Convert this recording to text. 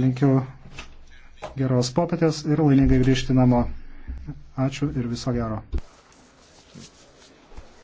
Linkiu geros popietės ir laimingai grįžti namo. Ačiū ir viso gero.